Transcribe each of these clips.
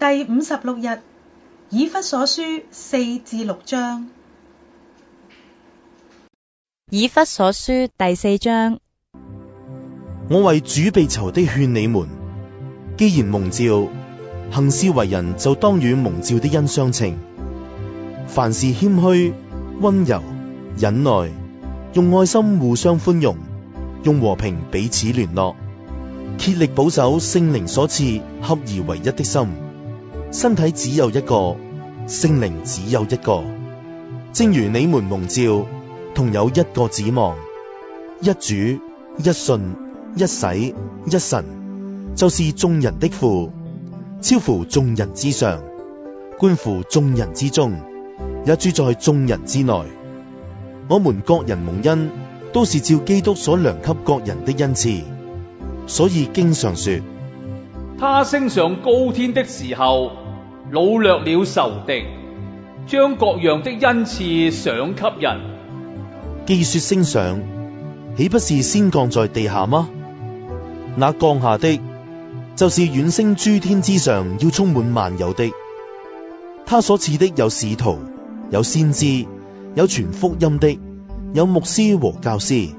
第五十六日，以弗所書四至六章。以弗所書第四章，我為主被囚的勸你們：既然蒙召，行事為人，就當與蒙召的恩相稱。凡事謙虛、溫柔、忍耐，用愛心互相寬容，用和平彼此聯絡，竭力保守聖靈所賜、合而為一的心。身體只有一個，聖靈只有一個，正如你們蒙召同有一個指望，一主、一信、一洗、一神，就是眾人的父，超乎眾人之上，觀乎眾人之中，也住在眾人之內。我們各人蒙恩，都是照基督所量給各人的恩賜，所以經常說，他升上高天的時候。擄掠了仇敵，將各樣的恩賜賞給人。既說升上，豈不是先降在地下嗎？那降下的，就是遠升諸天之上，要充滿萬有的。他所賜的有使徒，有先知，有傳福音的，有牧師和教師，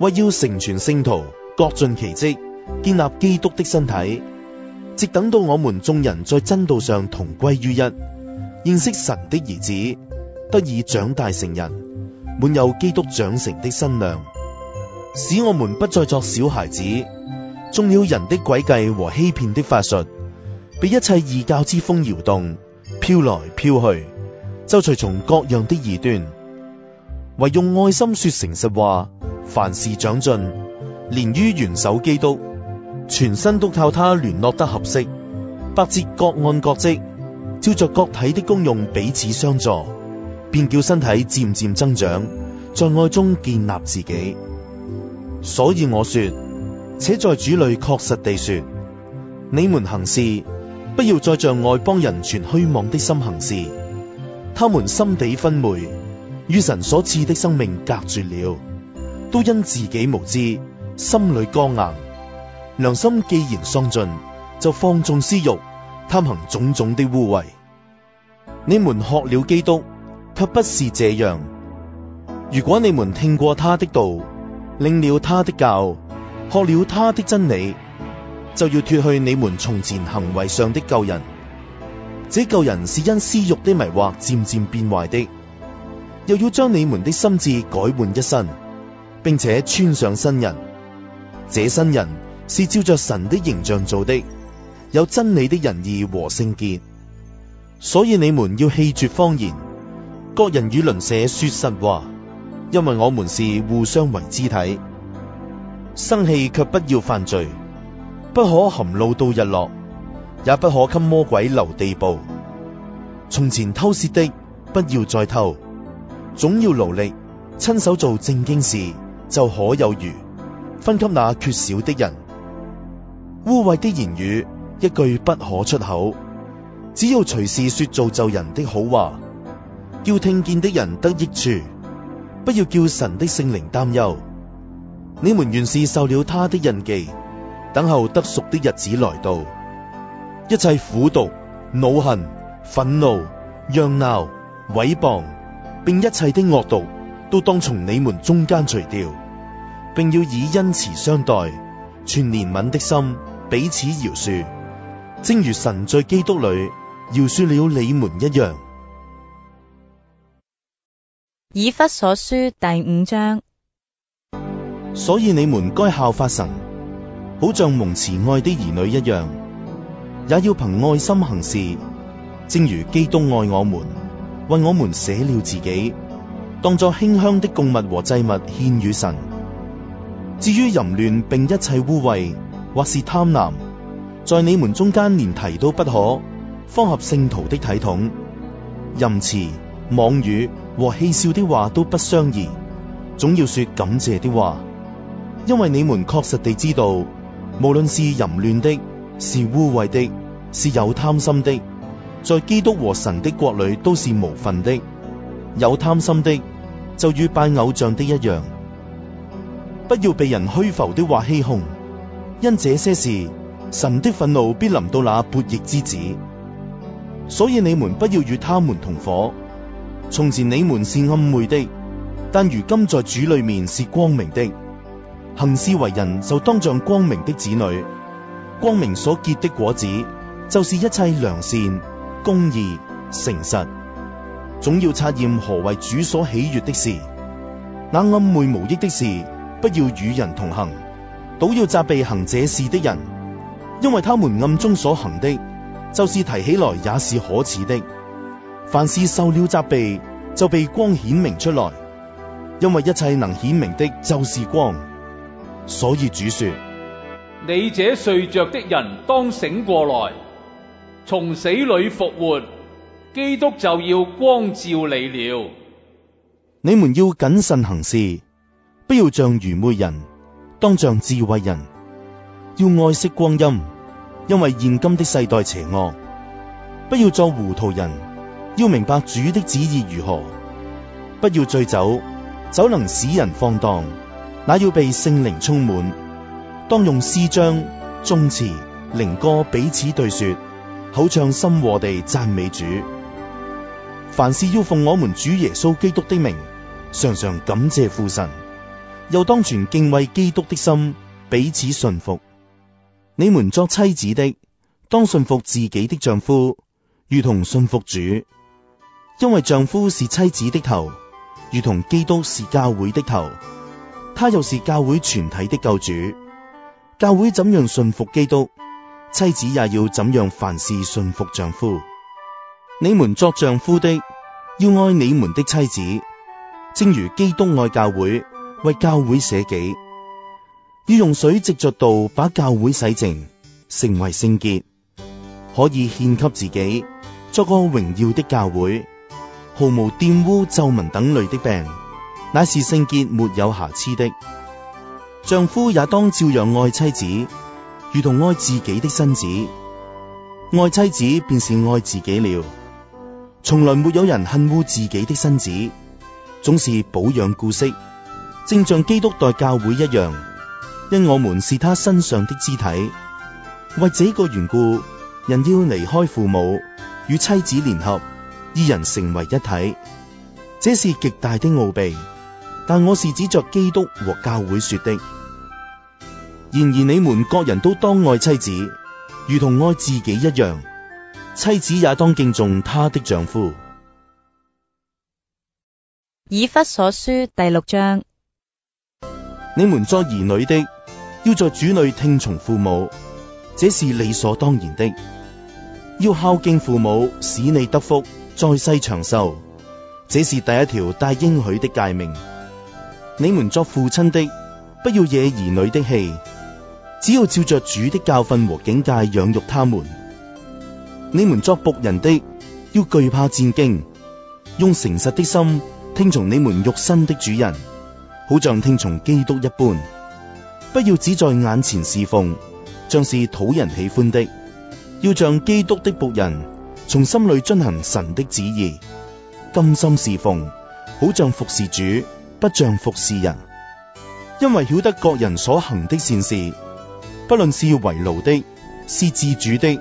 為要成全聖徒，各盡其職，建立基督的身體。直等到我們眾人在真道上同歸於一，認識神的兒子，得以長大成人，滿有基督長成的身量，使我們不再作小孩子，中了人的詭計和欺騙的法術，被一切異教之風搖動，飄來飄去，就隨從各樣的異端。唯用愛心說誠實話，凡事長進，連於元首基督。全身都靠他聯絡得合適，百節各按各職，照着各體的功用彼此相助，便叫身體漸漸增長，在愛中建立自己。所以我說，且在主裏確實地說，你們行事，不要再像外邦人存虛妄的心行事，他們心地昏昧，與神所賜的生命隔絕了，都因自己無知，心裏剛硬。良心既然喪盡，就放縱私欲，貪行種種的污穢。你們學了基督，卻不是這樣。如果你們聽過他的道，領了他的教，學了他的真理，就要脫去你們從前行為上的舊人，這舊人是因私欲的迷惑漸漸變壞的。又要將你們的心志改換一身，並且穿上新人，這新人。是照着神的形象做的，有真理的仁義和聖潔，所以你們要棄絕謊言，各人與鄰舍說實話，因為我們是互相為肢體。生氣卻不要犯罪，不可含怒到日落，也不可給魔鬼留地步。從前偷竊的，不要再偷，總要勞力，親手做正經事，就可有餘，分給那缺少的人。污穢的言語一句不可出口，只要隨時說造就人的好話，叫聽見的人得益處。不要叫神的聖靈擔憂，你們原是受了他的印記，等候得贖的日子來到。一切苦毒、惱恨、憤怒、嚷鬧、毀謗，並一切的惡毒，都當從你們中間除掉，並要以恩慈相待，存憐憫的心。彼此饒恕，正如神在基督裏饒恕了你們一樣。以弗所書第五章。所以你們該效法神，好像蒙慈愛的兒女一樣，也要憑愛心行事，正如基督愛我們，為我們捨了自己，當作馨香的供物和祭物獻與神。至於淫亂並一切污穢，或是貪婪，在你們中間連提都不可，方合聖徒的體統。淫詞、妄語和戲笑的話都不相宜，總要說感謝的話，因為你們確實地知道，無論是淫亂的，是污穢的，是有貪心的，在基督和神的國裏都是無份的。有貪心的，就與拜偶像的一樣。不要被人虛浮的話欺哄。因這些事，神的憤怒必臨到那悖逆之子，所以你們不要與他們同伙。從前你們是暗昧的，但如今在主裏面是光明的。行事為人就當像光明的子女，光明所結的果子，就是一切良善、公義、誠實。總要察驗何為主所喜悦的事，那暗昧無益的事，不要與人同行。倒要責備行這事的人，因為他們暗中所行的，就是提起來也是可恥的。凡事受了責備，就被光顯明出來，因為一切能顯明的，就是光。所以主說：你這睡着的人，當醒過來，從死裏復活。基督就要光照你了。你們要謹慎行事，不要像愚昧人。當像智慧人，要愛惜光陰，因為現今的世代邪惡。不要做糊塗人，要明白主的旨意如何。不要醉酒，酒能使人放蕩，那要被聖靈充滿。當用詩章、頌詞、靈歌彼此對說，口唱心和地讚美主。凡事要奉我們主耶穌基督的名，常常感謝父神。又當存敬畏基督的心，彼此順服。你們作妻子的，當順服自己的丈夫，如同順服主，因為丈夫是妻子的頭，如同基督是教會的頭，他又是教會全體的救主。教會怎樣順服基督，妻子也要怎樣凡事順服丈夫。你們作丈夫的，要愛你們的妻子，正如基督愛教會。為教會捨己，要用水藉着道把教會洗淨，成為聖潔，可以獻給自己，作個榮耀的教會，毫無玷污、皺紋等類的病，乃是聖潔沒有瑕疵的。丈夫也當照樣愛妻子，如同愛自己的身子，愛妻子便是愛自己了。從來沒有人恨惡自己的身子，總是保養顧惜。正像基督代教會一樣，因我們是他身上的肢體，為這個緣故，人要離開父母，與妻子聯合，二人成為一體。這是極大的奧秘，但我是指着基督和教會說的。然而你們各人都當愛妻子，如同愛自己一樣；妻子也當敬重她的丈夫。以弗所書第六章。你們作兒女的，要在主裏聽從父母，這是理所當然的；要孝敬父母，使你得福，在世長壽。這是第一條帶應許的誡命。你們作父親的，不要惹兒女的氣，只要照着主的教訓和警戒養育他們。你們作僕人的，要懼怕戰兢，用誠實的心聽從你們肉身的主人。好像聽從基督一般，不要只在眼前侍奉，像是討人喜歡的，要像基督的僕人，從心裏遵行神的旨意，甘心侍奉，好像服侍主，不像服侍人。因為曉得各人所行的善事，不論是為奴的，是自主的，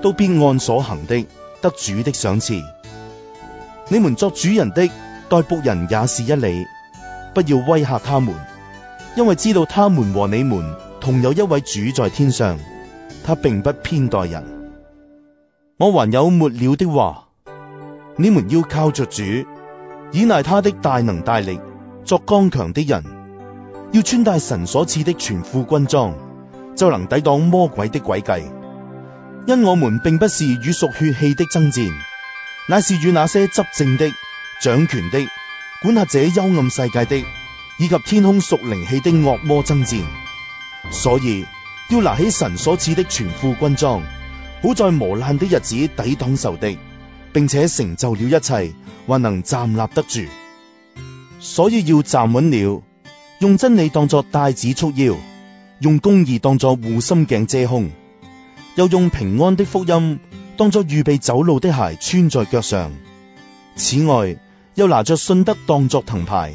都必按所行的，得主的賞賜。你們作主人的，待僕人也是一理。不要威嚇他們，因為知道他們和你們同有一位主在天上，他並不偏待人。我還有末了的話，你們要靠着主，倚賴他的大能大力，作剛強的人，要穿戴神所賜的全副軍裝，就能抵擋魔鬼的詭計。因我們並不是與屬血氣的爭戰，乃是與那些執政的、掌權的。管轄者幽暗世界的，以及天空屬靈氣的惡魔爭戰，所以要拿起神所賜的全副軍裝，好在磨難的日子抵擋仇敵，並且成就了一切，還能站立得住。所以要站穩了，用真理當作帶子束腰，用公義當作護心鏡遮胸，又用平安的福音當作預備走路的鞋穿在腳上。此外，又拿着信德當作藤牌，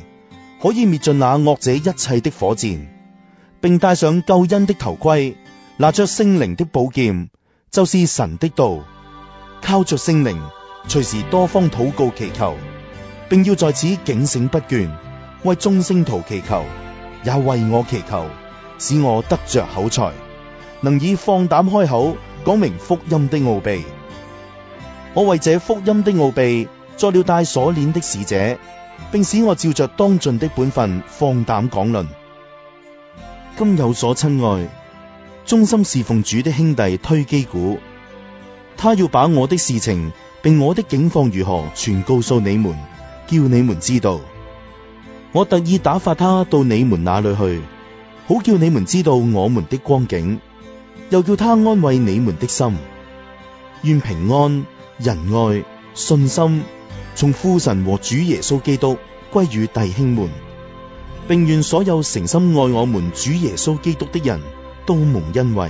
可以滅盡那惡者一切的火箭，並戴上救恩的頭盔，拿着聖靈的寶劍，就是神的道，靠着聖靈，隨時多方禱告祈求，並要在此警醒不倦，為眾聖徒祈求，也為我祈求，使我得着口才，能以放膽開口講明福音的奧秘。我為這福音的奧秘。作了帶鎖鏈的使者，並使我照着當盡的本分，放膽講論。今有所親愛，忠心侍奉主的兄弟推基古，他要把我的事情，並我的境況如何，全告訴你們，叫你們知道。我特意打發他到你們那裏去，好叫你們知道我們的光景，又叫他安慰你們的心。願平安、仁愛、信心。從父神和主耶穌基督歸於弟兄們，並願所有誠心愛我們主耶穌基督的人都蒙恩惠。